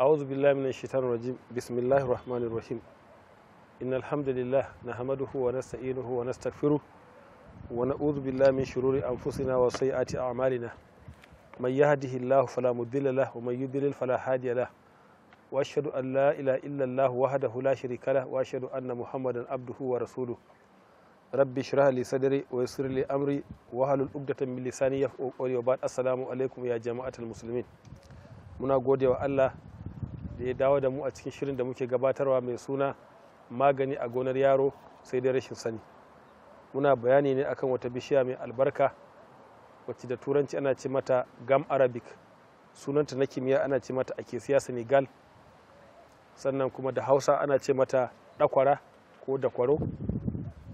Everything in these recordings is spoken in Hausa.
أعوذ بالله من الشيطان الرجيم بسم الله الرحمن الرحيم إن الحمد لله نحمده ونستعينه ونستغفره ونعوذ بالله من شرور أنفسنا وسيئات أعمالنا من يهده الله فلا مضل له ومن يضلل فلا هادي له وأشهد أن لا إله إلا الله وحده لا شريك له وأشهد أن محمدا عبده ورسوله rabbi shirah li sadri wa yassir li amri wa halul ugdatan min lisani yafqahu qawli wa ba'd assalamu alaikum ya jama'atul muslimin muna godewa Allah da ya dawo da mu a cikin shirin da muke gabatarwa mai suna magani a gonar yaro sai dai rashin sani muna bayani ne akan wata bishiya mai albarka wacce da turanci ana ce mata gam arabic sunanta na kimiyya ana ce mata akesiya senegal sannan kuma da hausa ana ce mata dakwara ko dakwaro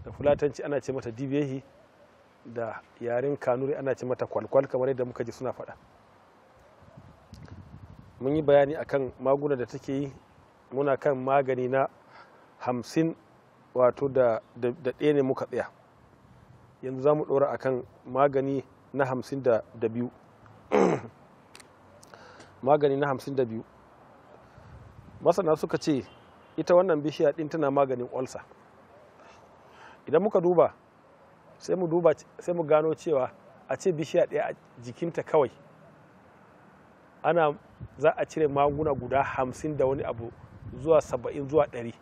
da fulatanci ana ce mata dibehi da yaren kanuri ana ce mata kwalkwal kamar yadda muka ji suna faɗa mun yi bayani akan maguna da take yi muna kan magani na hamsin wato da ɗaya ne muka tsaya yanzu za mu ɗora akan magani na hamsin da biyu magani na hamsin da biyu masana suka ce ita wannan bishiya ɗin tana maganin olsa idan muka duba sai mu gano cewa a ce bishiya ɗaya a jikinta kawai ana za a cire maguna guda hamsin da wani abu zuwa saba'in zuwa ɗari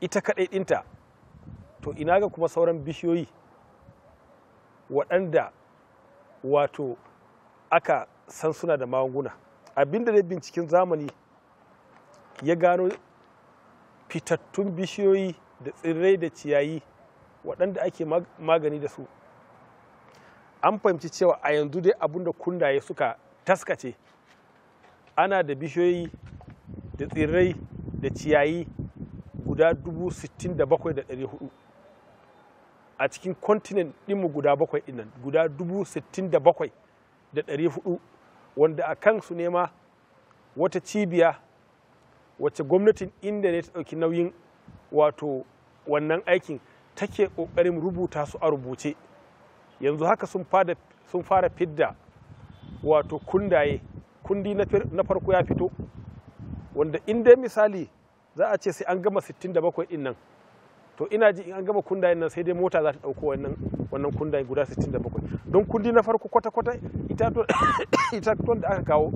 ita kaɗai ɗinta to ina ga kuma sauran bishiyoyi waɗanda wato aka san suna da magunguna abinda dai binciken zamani ya gano fitattun bishiyoyi da tsirrai da ciyayi waɗanda ake magani da su an fahimci cewa a yanzu dai abinda kundaye suka taskace ana da bishiyoyi da tsirrai da ciyayi guda 67,400 a cikin kontinent ɗinmu guda bakwai dinnan guda 67,400 wanda a kan su nema wata cibiya wacce gwamnatin inda ne ta ɗauki nauyin wato wannan aikin take ƙoƙarin rubuta su a rubuce yanzu haka sun fara fidda wato kundaye kundi na farko ya fito wanda in dai misali za a ce sai an gama 67 din nan to ina ji in an gama kundayen nan sai dai mota za ta ɗauko wannan wannan kundayen guda 67 don kundi na farko kwata-kwata itatuwan da aka kawo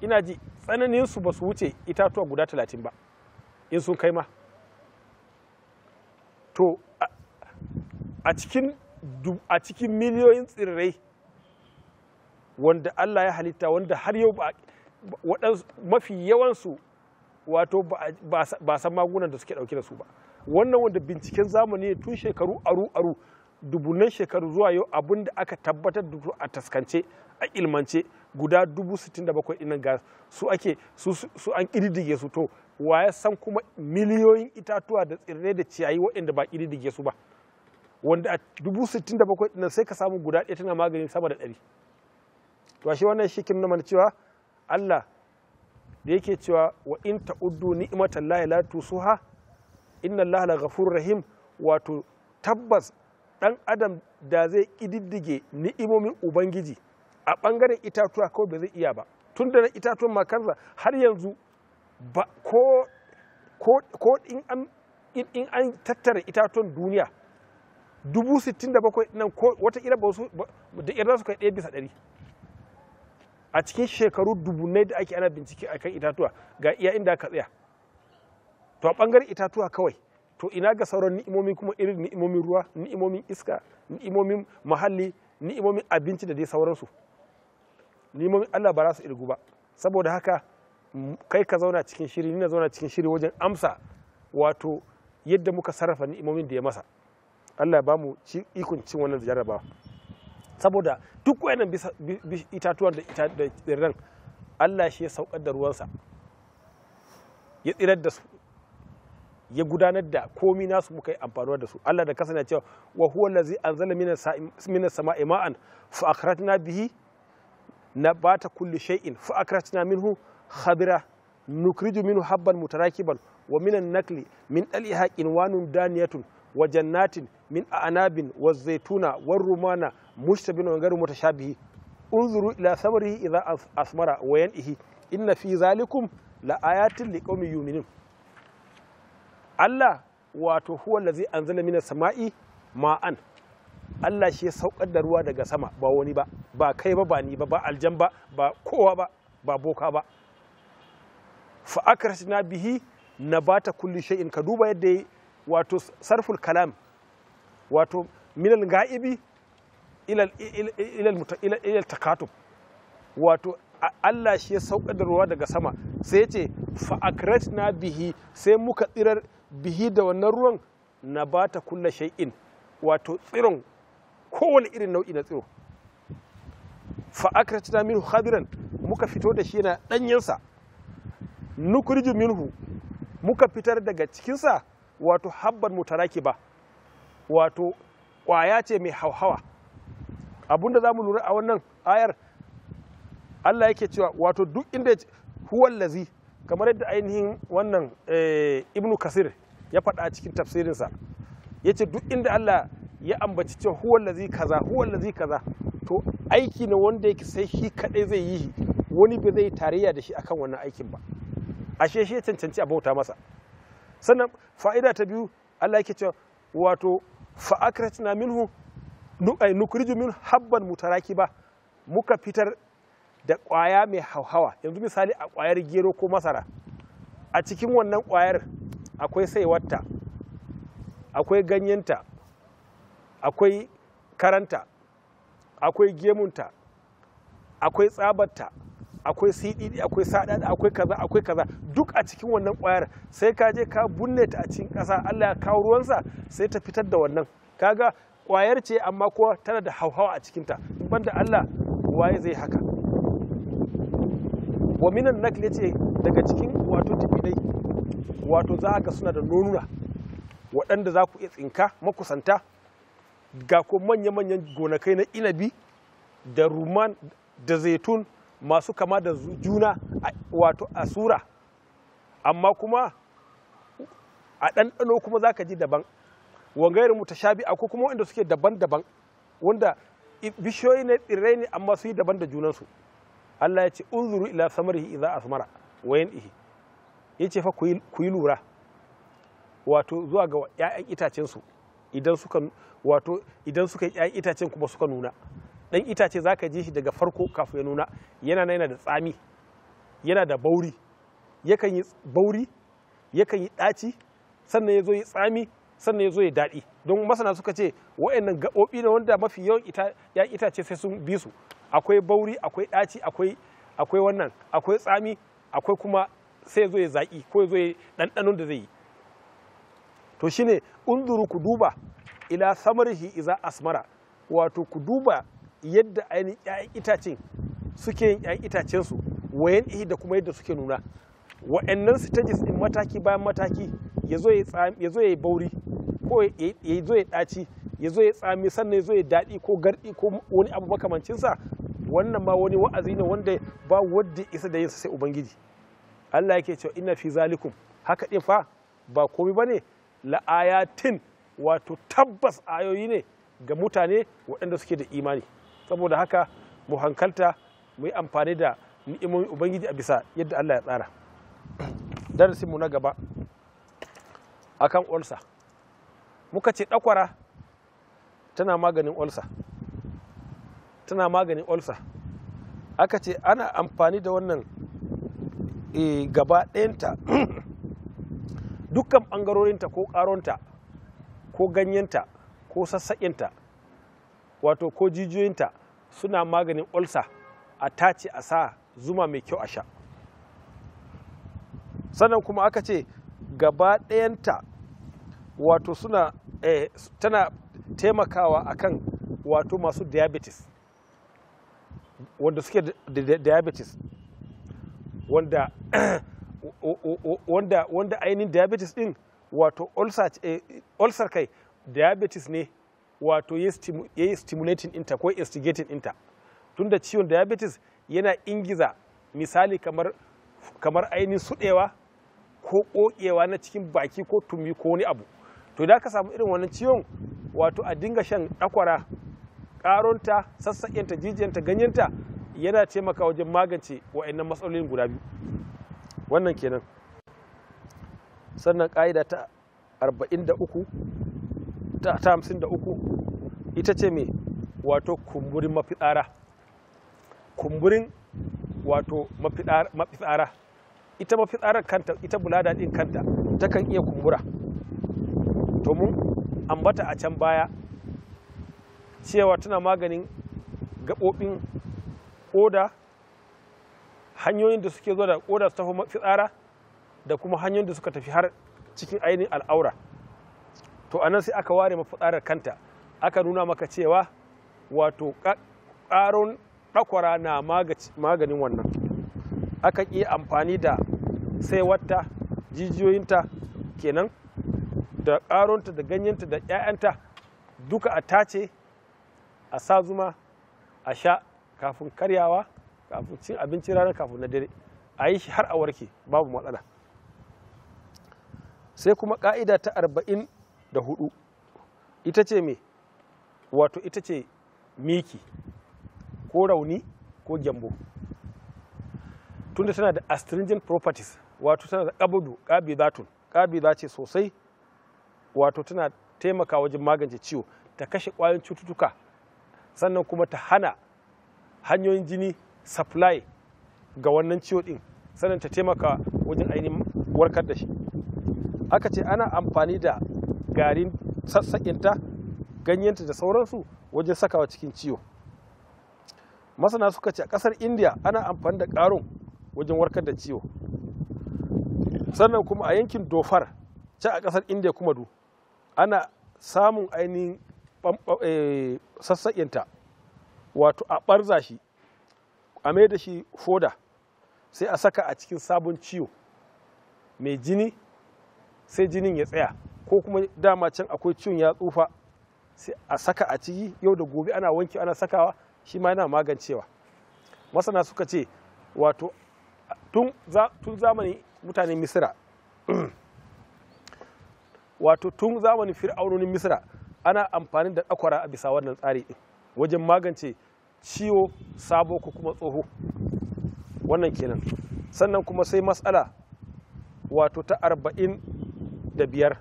ina ji tsananin su ba su wuce itatuwa guda 30 ba in sun kai ma to a cikin miliyoyin tsirrai wanda Allah ya halitta wanda har yau mafi yawansu wato ba san magunan da suke dauke da su ba wannan wanda binciken zamani tun shekaru aru aru dubunan shekaru zuwa yau abin da aka tabbatar da a taskance a ilmance guda dubu sittin da bakwai inan gas su ake su an kididige su to waya san kuma miliyoyin itatuwa da tsirrai da ciyayi waɗanda ba kididige su ba wanda a dubu sittin da bakwai inan sai ka samu guda ɗaya tana maganin sama da ɗari to shi wannan shi kin mana cewa Allah da yake cewa wa in ta'uddu ni'matallahi la tusuha inna Allah la ghafurur rahim wato tabbas dan adam da zai kididdige ni'imomin ubangiji a bangaren itatuwa kawai ba zai iya ba tun da na itatuwan makarza har yanzu ba ko ko in an in an tattara itatuwan duniya dubu sittin da bakwai nan ko wata ba su da irin su kai ɗaya bisa ɗari a cikin shekaru dubunai da ake ana bincike a akan itatuwa ga iya inda aka tsaya to a bangaren itatuwa kawai to ina ga sauran ni'imomi kuma irin ni'imomin ruwa ni'imomin iska ni'imomin muhalli ni'imomin abinci da dai sauransu ni'imomin Allah ba za su irgu ba saboda haka kai ka zauna cikin shiri ni na zauna cikin shiri wajen amsa wato yadda muka sarrafa ni'imomin da ya masa Allah ya bamu ikon cin wannan jarabawa. saboda duk wayannan itatuwan da tsirran Allah shi ya saukar da ruwansa ya tsirar da su ya gudanar da komi nasu muka yi amfanuwa da su Allah da kasana cewa wa huwa allazi anzala minas sama'i ma'an fa akhrajna bihi nabata kulli shay'in fa akhrajna minhu khadira nukriju minhu habban mutarakiban wa minan nakli min dal'iha qinwanun daniyatun wa jannatin min a'nabin wa zaituna wa rumana mushtabin wa mota mutashabihi unzuru ila sabari idza asmara wa yan'ihi inna fi zalikum la ayatin liqaumin yu'minun Allah wato huwa allazi anzala minas sama'i ma'an Allah shi ya saukar da ruwa daga sama ba wani ba ba kai ba ba ni ba ba aljan ba ba kowa ba ba boka ba fa akrasna bihi nabata kulli shay'in ka duba yadda wato sarful kalam wato minal ga'ibi ila takatub wato Allah shi ya sauka da ruwa daga sama sai ya ce fa'akrat na bihi sai muka tsirar bihi da wannan ruwan na ba ta kulla shay'in wato tsiron kowane irin nau'i na tsiro fa'akrat na minhu khadiran muka fito da shi yana ɗanyensa nukurju minhu muka fitar daga cikinsa wato habban mutarakiba wato ƙwaya ce mai hauhawa abinda za mu lura a wannan ayar Allah yake cewa wato duk inda huwal lazi kamar yadda ainihin wannan eh, ibnu kasir ya faɗa cikin tafsirinsa ya ce duk inda Allah ya ambaci cewa huwal lazi kaza huwal lazi kaza to aiki ne wanda yake sai shi kaɗai zai yi wani ba zai tarayya da shi akan wannan aikin ba ashe shi ya cancanci a bauta masa sannan fa'ida ta biyu Allah yake cewa wato fa'akratna minhu nukuriju min habban mutaraki ba muka fitar da ƙwaya mai hauhawa yanzu misali a ƙwayar gero ko masara a cikin wannan ƙwayar akwai saiwarta akwai ganyenta akwai karanta akwai gemunta akwai tsabarta akwai cdd akwai sadada akwai kaza akwai kaza duk a cikin wannan ƙwayar sai ka je ka bunne ta a cikin ƙasa allah ya kawo ruwansa sai ta fitar da wannan kaga kwayar ce amma kuwa tana da hauhawa a cikinta banda Allah waye zai haka wa minan nakli ce daga cikin wato tibidai wato za ka suna da nonuna waɗanda za ku iya tsinka makusanta ga ko manya-manyan gonakai na inabi da ruman da zaitun masu kama da juna wato a sura amma kuma a ɗanɗano kuma za ka ji daban wa sha mutashabi akwai kuma wanda suke daban-daban wanda bishiyoyi ne tsirrai ne amma su yi daban da junansu Allah ya ce unzuru ila samarihi idza asmara wa ya ce fa ku yi lura wato zuwa ga ƴaƴan itacen su idan suka wato idan suka yi ƴaƴan itacen kuma suka nuna dan itace zaka ji shi daga farko kafin ya nuna yana yana da tsami yana da bauri yakan yi bauri yakan yi ɗaci sannan ya zo yi tsami sannan ya zo ya daɗi don masana suka ce wa'annan gaɓoɓi na wanda mafi yawan ya itace sai sun bi su akwai bauri akwai ɗaci akwai wannan akwai tsami akwai kuma sai zo ya zaƙi ko ya zo ya ɗanɗanon da zai yi to shine unzuru ku duba ila samarhi iza asmara wato ku duba yadda ainihin ‘ya'yan itacen suke yin ‘ya'yan itacen su wayan ihi da kuma yadda suke nuna wa'annan stages din mataki bayan mataki ya zo ya yi bauri ko ya zo ya ɗaci ya zo ya tsami sannan ya zo ya daɗi ko garɗi ko wani abu makamancinsa wannan ma wani wa'azi ne wanda ba wadda isa da yinsa sai ubangiji Allah yake cewa ina fi zalikum haka ɗin fa ba komai ne la'ayatin wato tabbas ayoyi ne ga mutane waɗanda suke da imani saboda haka mu hankalta mu yi amfani da ni'imomin ubangiji a bisa yadda Allah ya tsara darasinmu na gaba akan ulsa muka ce ɗakwara tana maganin olsa tana maganin olsa aka ce ana amfani da wannan eh, gaba ɗayanta dukkan ɓangarorinta ko ƙaronta ko ganyenta ko sassaƙinta wato ko jijiyoyinta suna maganin olsa a tace a sa zuma mai kyau a sha sannan kuma aka ce gaba ɗayanta wato suna eh, tana taimakawa akan wato masu diabetes wanda suke da diabetes wanda wanda wanda ainihin diabetes din wato ulcer eh, kai diabetes ne wato ya yi stimulating inta ko instigating inta tunda ciwon diabetes yana ingiza misali kamar kamar ainihin sudewa ko kokewa na cikin baki ko tumi ko wani abu to da ka samu irin wannan ciwon wato a dinga shan ɗakwara ƙaronta sassaƙenta jijiyanta ganyenta yana taimaka wajen magance wa'annan matsalolin guda biyu wannan kenan sannan ƙa'ida ta 43 ta 53 ita ce mai wato kumburin mafitsara kumburin wato mafitsara ita mafitsarar kanta ita bulada ɗin kanta takan iya kumbura to mun ambata a can baya cewa tana maganin gaɓoɓin ƙoda hanyoyin da suke zo da ƙoda su tafi fitsara da kuma hanyoyin da suka tafi har cikin ainihin al'aura to a nan sai aka ware mafitsarar kanta aka nuna maka cewa wato ƙaron ɗakwara na maganin wannan aka iya amfani da sai saiwata jijiyoyinta kenan da ƙaronta da ganyenta da 'ya'yanta duka a tace a sa zuma a sha kafin karyawa kafin cin abinci rana kafin na dare a yi shi har a warke babu matsala sai kuma ƙa'ida ta arba'in da hudu ita ce me wato ita ce miki ko rauni ko gyambo tunda tana da astringent properties wato tana da ƙabudu zatun ƙabida ce sosai wato tana taimaka wajen magance ciwo ta kashe ƙwayoyin cututtuka sannan kuma ta hana hanyoyin jini supply ga wannan ciwo ɗin sannan ta taimaka wajen ainihin warkar da shi aka ce ana amfani da garin sassaƙinta ganyenta da sauransu wajen sakawa cikin ciwo masana suka ce a ƙasar india ana amfani da ƙaron wajen warkar da ciwo sannan kuma a yankin dofar can a ƙasar india kuma du ana samun ainihin eh, sassaƙinta wato a ɓarza shi a mai da shi foda sai a saka a cikin sabon ciwo mai jini sai jinin ya tsaya ko kuma dama can akwai ciwon ya tsufa sai a saka a ciki yau da gobe ana wanke ana sakawa shi ma yana magancewa masana suka ce wato tun zamanin mutanen misira wato tun zamanin fir'aunonin misra ana amfani da ɗakwara a bisa wannan tsari wajen magance ciwo sabo ko kuma tsoho wannan kenan sannan kuma sai matsala wato ta arba'in da biyar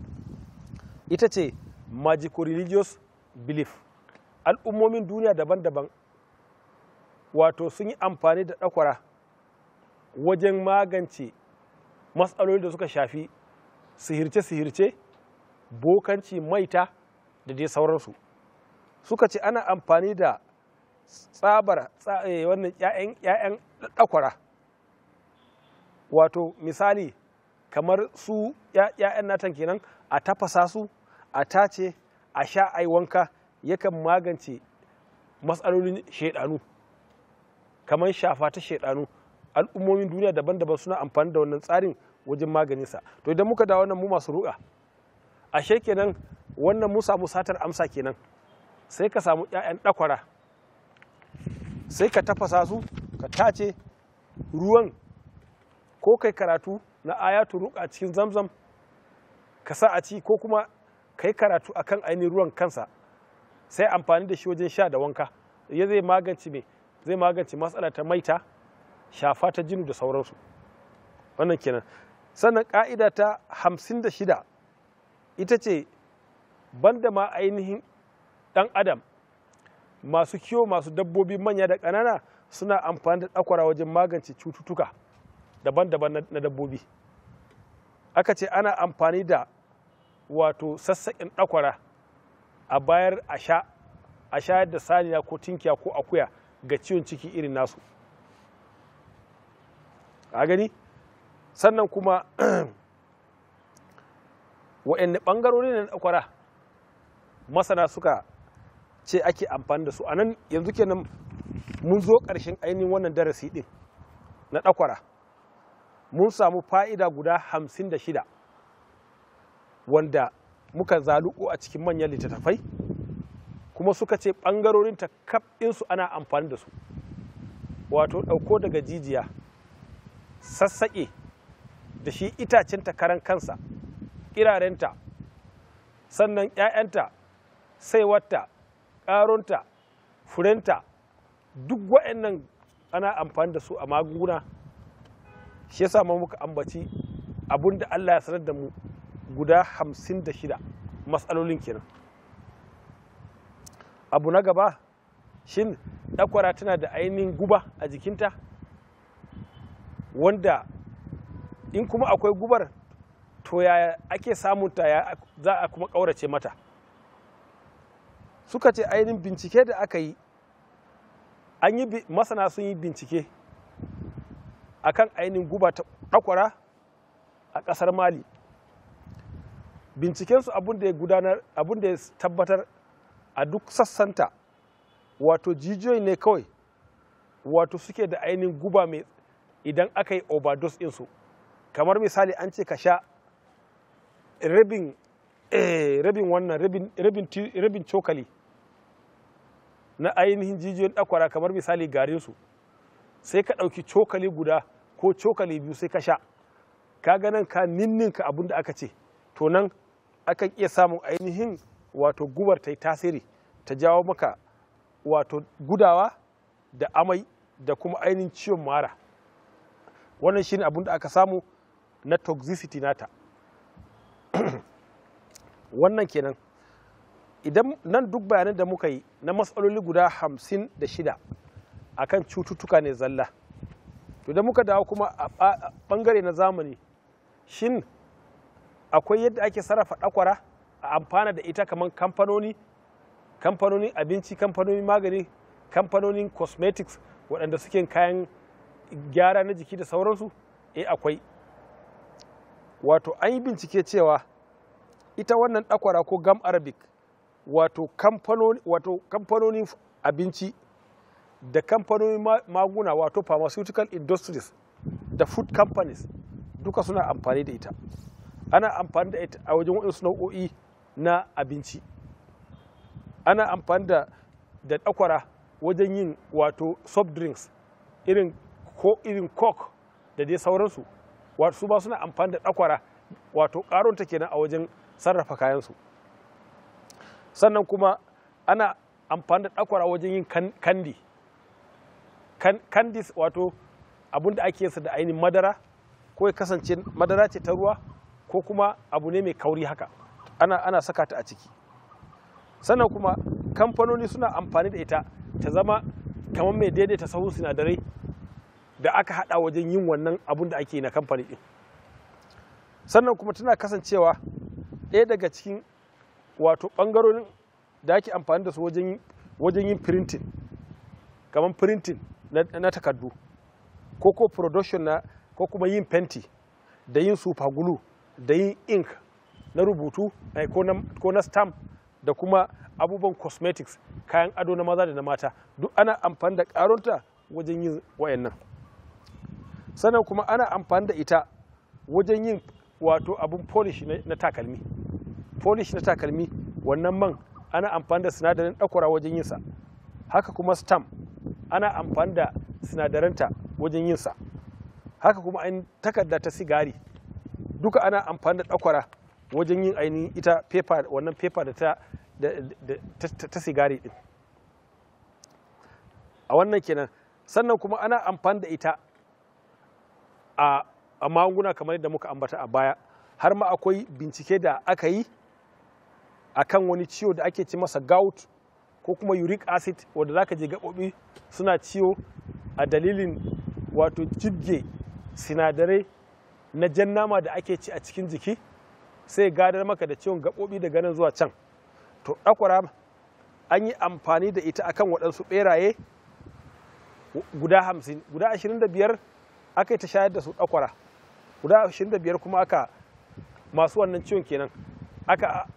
ita ce magical religious belief al'ummomin duniya daban-daban wato sun yi amfani da ɗakwara wajen magance matsaloli da suka shafi sihirce-sihirce bokanci maita da dai sauransu suka ce ana amfani da tsabar eh, wannan 'ya'yan ɗakwara wato misali kamar su 'ya'yan natan kenan a tafasa su a tace a sha ai wanka yakan magance matsalolin shaidanu kamar shafa ta shaidanu al'ummomin duniya daban-daban suna amfani da wannan tsarin wajen maganinsa to idan muka dawo nan mu masu ruka ashe kenan wannan mu samu satar amsa kenan sai ka samu 'ya'yan ɗakwara sai ka tafasa su ka tace ruwan ko kai karatu na ayatu ruka cikin zamzam ka sa a ci ko kuma kai karatu akan ainihin ruwan kansa sai amfani da shi wajen sha da wanka ya zai magance me zai magance matsala ta maita shafa ta jinu da sauransu wannan kenan sannan ka'ida ta hamsin da shida ita ce banda ma ainihin dan adam masu kiwo masu dabbobi manya da ƙanana suna amfani da ɗakwara wajen magance cututtuka daban-daban na dabbobi aka ce ana amfani da wato sassaƙin ɗakwara a bayar a sha a shayar da saniya ko tinkiya ko akuya ga ciwon ciki irin nasu a gani sannan kuma wa'anne ɓangarori ne na kwara masana suka ce ake amfani da su a nan yanzu kenan mun zo ƙarshen ainihin wannan darasi ɗin na ɗakwara mun samu fa'ida guda hamsin da shida wanda muka zaluko a cikin manyan littattafai kuma suka ce ɓangarorin ta su ana amfani da su wato ɗauko daga jijiya sassaƙe da shi ta karan kansa kirarenta sannan ‘ya'yanta saiwarta ƙarunta furenta duk waɗannan ana amfani da su a magunguna shi yasa ma muka ambaci abun da Allah ya sanar da mu guda hamsin da shida matsalolin kenan abu na gaba shin ɗakwara tana da ainihin guba a jikinta wanda in kuma akwai gubar to ya ake samun ta ya za a kuma ƙaurace mata suka ce ainihin bincike da aka yi an yi masana sun yi bincike a kan ainihin guba ta ɗakwara a ƙasar mali bincikensu abinda ya gudanar abinda ya tabbatar a duk sassanta wato jijiyoyi ne kawai wato suke da ainihin guba mai idan aka yi overdose insu kamar misali an ce ka sha rabin eh, rabin wannan rabin cokali na ainihin jijiyoyin ɗakwara kamar misali garinsu sai ka ɗauki cokali guda ko cokali biyu sai ka sha ka ganin ka ninninka abin da aka ce to nan akan iya samun ainihin wato gubar ta yi tasiri ta jawo maka wato gudawa da amai da kuma ainihin ciwon mara wannan shine abin da aka samu na toxicity nata wannan kenan idan nan duk bayanan da muka yi na matsaloli guda hamsin da shida a kan cututtuka ne zalla to da muka dawo kuma a bangare na zamani shin akwai yadda ake sarrafa ɗakwara a amfana da ita kamar kamfanoni kamfanonin abinci kamfanonin magani kamfanonin cosmetics waɗanda suke kayan gyara na jiki da sauransu eh akwai wato an yi bincike cewa ita wannan ɗakwara ko gam arabic wato kamfanonin abinci da kamfanonin maguna wato pharmaceutical industries da food companies duka suna amfani da ita ana amfani da ita a wajen waɗansu nau'o'i na abinci ana amfani da ɗakwara wajen yin wato soft drinks ko irin coke da dai sauransu wato su ba suna amfani da dakwara wato ta kenan a wajen sarrafa kayansu sannan kuma ana amfani da ɗakwara wajen yin kandi kandi wato abun da ake yinsa da ainihin madara ko ya kasance madara ce ta ruwa ko kuma abu ne mai kauri haka ana, ana saka ta a ciki sannan kuma kamfanoni suna amfani da ita ta zama kamar mai daidaita sahun sinadarai da aka hada wajen yin wannan abun da ake na kamfani din sannan kuma tana kasancewa ɗaya daga cikin wato ɓangarorin da ake amfani da su wajen yin printing kamar printing na takardu ko ko production na ko kuma yin fenti da yin super glue da yin ink na rubutu eh, ko na stamp da kuma abubuwan cosmetics kayan ado na maza da na mata duk ana amfani da ƙaronta wajen yin wayannan. sannan kuma ana amfani da ita wajen yin wato abun polish na takalmi polish na takalmi wannan man ana amfani da sinadarin ɗakwara wajen yin sa haka kuma stam ana amfani da sinadaranta wajen yin sa haka kuma ainihin takarda ta sigari duka ana amfani da ɗakwara wajen yin ainihin ita paper wannan paper da ta ta sigari din a wannan kenan sannan kuma ana amfani da ita a magunguna kamar yadda muka ambata a baya har ma akwai bincike da aka yi a kan wani ciwo da ake ci masa gout ko kuma uric acid wanda ka je gaɓoɓi suna ciwo a dalilin wato jibge sinadarai na jan nama da ake ci a cikin jiki sai gadar maka da ciwon gaɓoɓi daga nan zuwa can to ɗakwara an yi amfani da ita akan waɗansu ɓeraye guda hamsin guda ashirin da biyar aka yi ta shayar da su ɗakwara guda ashirin da biyar kuma aka masu wannan ciwon kenan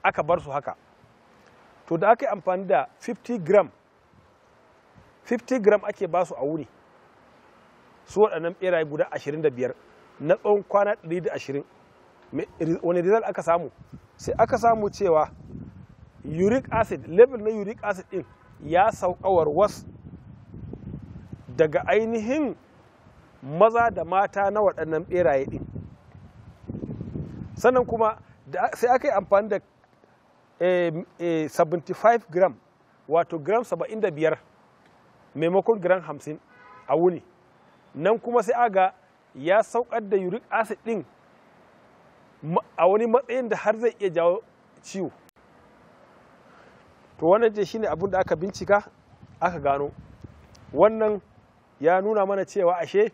aka bar su haka to da aka yi amfani da 50 gram 50 gram ake ba su a wuri su waɗannan ɓeraye guda 25 na tsawon kwana 120 wani result aka samu sai aka samu cewa uric acid level na uric acid ɗin ya sauƙawar was daga ainihin maza da mata na waɗannan ɓeraye ɗin sannan kuma sai aka yi amfani da 75 eh, eh, gram wato gram 75 maimakon gram 50 a wuni nan kuma sai aga ya saukar da uric acid ɗin a wani matsayin da har zai iya jawo ciwo to wannan je shine abin da aka bincika aka gano wannan ya nuna mana cewa ashe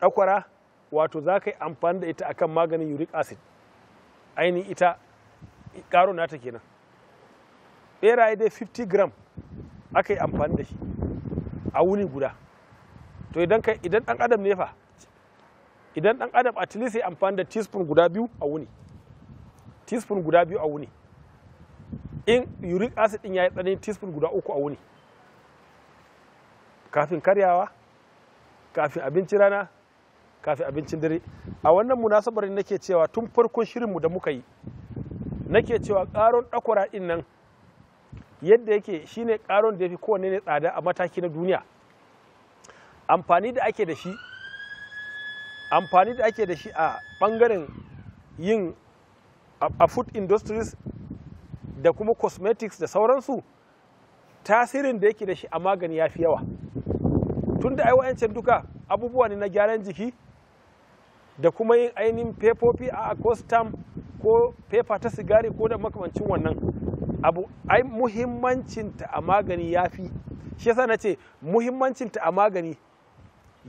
ɗakwara wato za ka yi amfani da ita akan maganin uric acid ainihin ita ƙaro nata kenan ɓeraye dai 50 gram aka yi amfani da shi a wuni guda to idan ka idan ɗan adam ne fa idan ɗan adam a tilis ya amfani da teaspoon guda biyu a wuni teaspoon guda biyu a wuni in uric acid ɗin ya yi tsanani teaspoon guda uku a wuni kafin karyawa kafin abincin rana kafin abincin dare a wannan munasabar nake cewa tun farkon shirin mu da muka yi nake cewa karon ɗakwara ɗin nan yadda yake shine karon da ya fi kowanne ne tsada a mataki na duniya amfani da ake da shi amfani da ake da shi a ɓangaren yin a food industries da kuma cosmetics da sauransu tasirin da yake da shi a magani ya fi yawa tun da aiwayancin duka abubuwa ne na gyaran jiki da kuma yin ainihin fefofi a akostam ko fefa ta sigari ko da makamancin wannan abu ai muhimmancinta a magani ya fi shi yasa na ce muhimmancinta a magani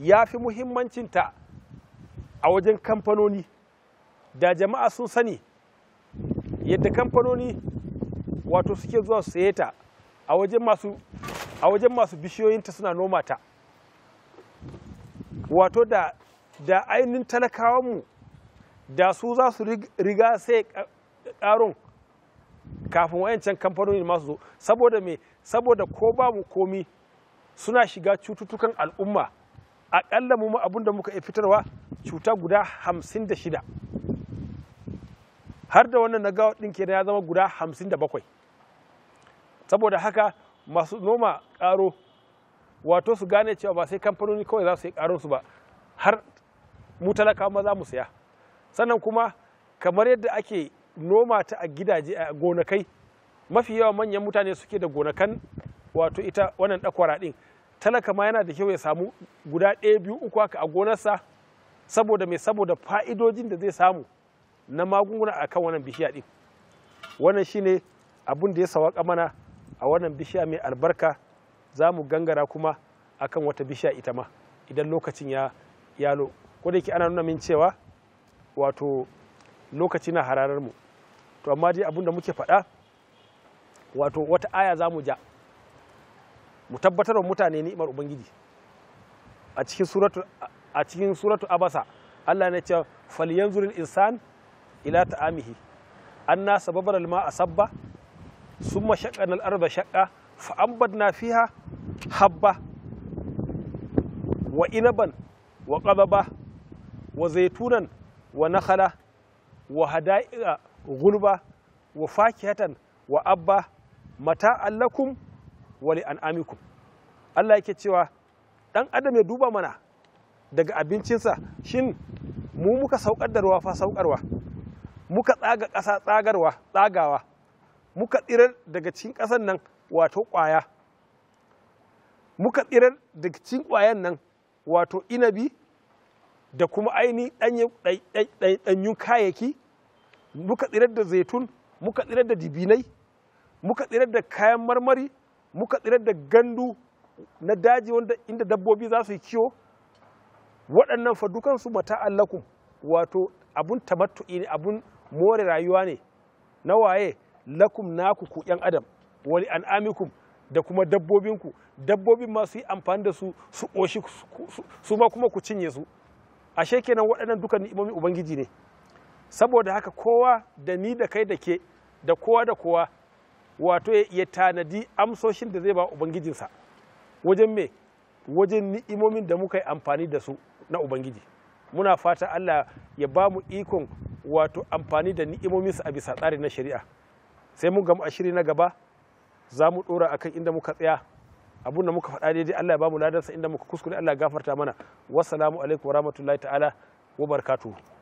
ya fi muhimmancinta a wajen kamfanoni da jama'a sun sani yadda kamfanoni wato suke zuwa su saye ta a wajen masu bishiyoyinta suna noma ta wato da da ainihin talakawanmu da su za su riga sai ƙaron kafin wayancan kamfanoni masu zo saboda me saboda ko ba mu komi suna shiga cututtukan al'umma aƙalla mu abun da muka fitarwa cuta guda hamsin da shida har da wannan na gawa ɗin kenan ya zama guda hamsin da bakwai saboda haka masu noma ƙaro wato su gane cewa ba sai kamfanoni kawai za su yi ƙaron su ba har mu talaka ma za mu saya sannan kuma kamar yadda ake noma ta a gidaje a gonakai mafi yawa manyan mutane suke da gonakan wato ita wannan dakwara din talaka ma yana da kyau ya samu guda ɗaya biyu uku haka a gonarsa saboda mai saboda fa'idojin da zai samu na magunguna a kan wannan bishiya ɗin wannan shine abin da ya sawaka mana a wannan bishiya mai albarka za mu gangara kuma akan wata bishiya ita ma idan lokacin ya yalo ko da ana nuna min cewa wato lokaci na hararar mu to amma dai abin da muke faɗa wato wata aya za mu ja mu tabbatar wa mutane ni'imar ubangiji a cikin suratu a cikin suratu abasa Allah ne ce falyanzuril insan ila ta'amihi anna sababal alma sabba summa shaqqan al-arda shaqqa fa ambadna fiha habba wa inaban wa qababa wa zaitunan wa nakhala wa hada'i'a gulba wa fakihatan wa abba mata lakum wa li'an'amikum Allah yake cewa dan adam ya duba mana daga abincinsa shin mu muka saukar da ruwa fa saukarwa muka tsaga ƙasa tsagarwa tsagawa muka tsirar daga cikin ƙasan nan wato kwaya? muka tsirar daga cikin kwayan nan wato inabi da kuma aini ɗanyun kayayyaki muka tsirar da zaitun muka tsirar da dibinai muka tsirar da kayan marmari muka tsirar da gandu na daji wanda inda dabbobi za su yi kiwo waɗannan fa dukansu mata allaku wato abun tamattu'i ne abun more rayuwa ne na waye lakum naku ku yan adam wali an'amikum da kuma dabbobinku dabbobin masu yi amfani da su su ƙoshi su ma kuma ku cinye su ashe kenan waɗannan duka ni'imomin ubangiji ne saboda haka kowa da ni da kai da ke da kowa da kowa wato ya tanadi amsoshin da zai ba ubangijinsa wajen me wajen ni'imomin da muka yi amfani da su na ubangiji muna fata allah ya ba mu ikon wato amfani da ni'imominsa a bisa tsari na shari'a sai mun gamu a na gaba za mu ɗora akan inda muka tsaya abun da muka faɗa daidai Allah ya bamu ladarsa inda muka kuskure Allah ya gafarta mana wassalamu alaikum warahmatullahi ta'ala wa barakatuhu